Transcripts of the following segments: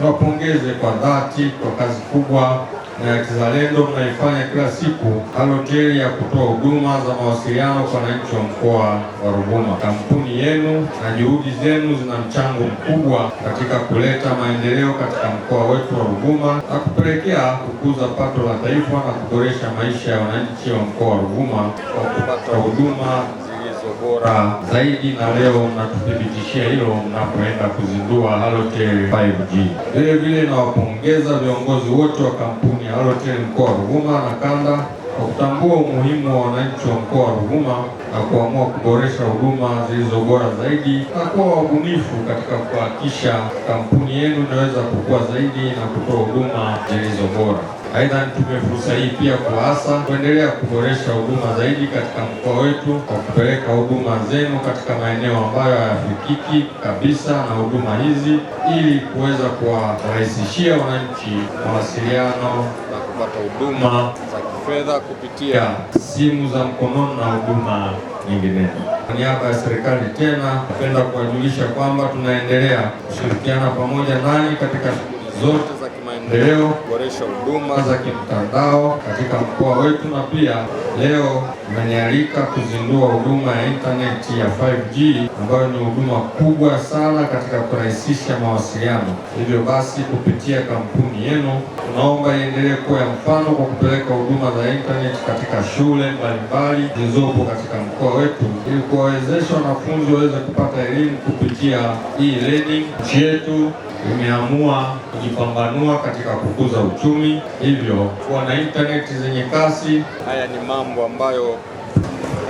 niwapongeze kwa dhati kwa kazi kubwa na ya kizalendo mnaifanya kila siku Halotel ya kutoa huduma za mawasiliano kwa wananchi wa mkoa wa Ruvuma. Kampuni yenu na juhudi zenu zina mchango mkubwa katika kuleta maendeleo katika mkoa wetu wa Ruvuma na kupelekea kukuza pato la taifa na kuboresha maisha ya wananchi wa mkoa wa Ruvuma kwa kupata huduma bora zaidi, na leo mnatuthibitishia hilo mnapoenda kuzindua Halotel 5G. Vile vile nawapongeza viongozi wote wa kampuni ya Halotel mkoa wa Ruvuma na kanda kwa kutambua umuhimu wa wananchi wa mkoa wa Ruvuma na kuamua kuboresha huduma zilizo bora zaidi na kuwa wabunifu katika kuhakikisha kampuni yenu inaweza kukua zaidi na kutoa huduma zilizo bora. Aidha, nitumie fursa hii pia kuwaasa kuendelea kuboresha huduma zaidi katika mkoa wetu kwa kupeleka huduma zenu katika maeneo ambayo hayafikiki kabisa na huduma hizi, ili kuweza kuwarahisishia wananchi mawasiliano na kupata huduma za kifedha kupitia simu za mkononi na huduma nyinginezo. Kwa niaba ya serikali tena, napenda kuwajulisha kwamba tunaendelea kushirikiana pamoja nanyi katika shughuli zote za kimaendeleo, kuboresha huduma za kimtandao katika mkoa wetu na pia Leo umenialika kuzindua huduma ya intaneti ya 5G ambayo ni huduma kubwa sana katika kurahisisha mawasiliano. Hivyo basi, kupitia kampuni yenu, tunaomba iendelee kuwa ya mfano kwa kupeleka huduma za intaneti katika shule mbalimbali zilizopo katika mkoa wetu ili kuwawezesha wanafunzi waweze kupata elimu kupitia e-learning. Nchi yetu imeamua kujipambanua katika kukuza uchumi, hivyo kuwa na intaneti zenye kasi. Haya ni mama mambo ambayo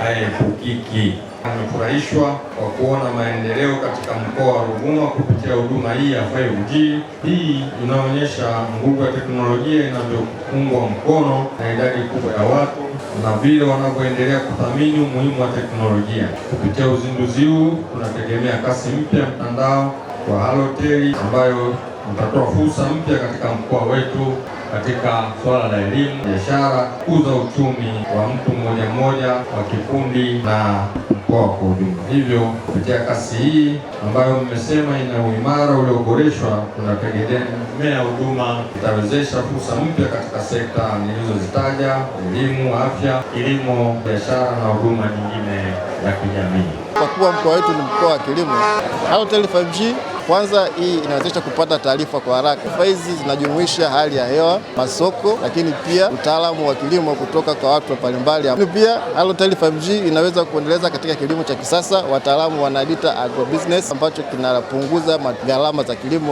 hayepukiki. Amefurahishwa kwa kuona maendeleo katika mkoa wa Ruvuma kupitia huduma hii ya 5G. Hii inaonyesha nguvu ya teknolojia inavyoungwa mkono na idadi kubwa ya watu na vile wanavyoendelea kuthamini umuhimu wa teknolojia. Kupitia uzinduzi huu, tunategemea kasi mpya mtandao wa haloteli ambayo utatoa fursa mpya katika mkoa wetu katika swala la elimu, biashara, kuza uchumi wa mtu mmoja mmoja, wa kikundi na mkoa kwa ujumla. Hivyo kupitia kasi hii ambayo mmesema ina uimara ulioboreshwa, tunategemea huduma itawezesha fursa mpya katika sekta nilizozitaja: elimu, afya, kilimo, biashara na huduma nyingine ya kijamii. Kwa kuwa mkoa wetu ni mkoa wa kilimo, hoteli 5G kwanza hii inawezesha kupata taarifa kwa haraka. Taarifa hizi zinajumuisha hali ya hewa, masoko, lakini pia utaalamu wa kilimo kutoka kwa watu mbalimbali. Pia Halo 5G inaweza kuendeleza katika kilimo cha kisasa, wataalamu wanaita agrobusiness, ambacho kinapunguza gharama za kilimo.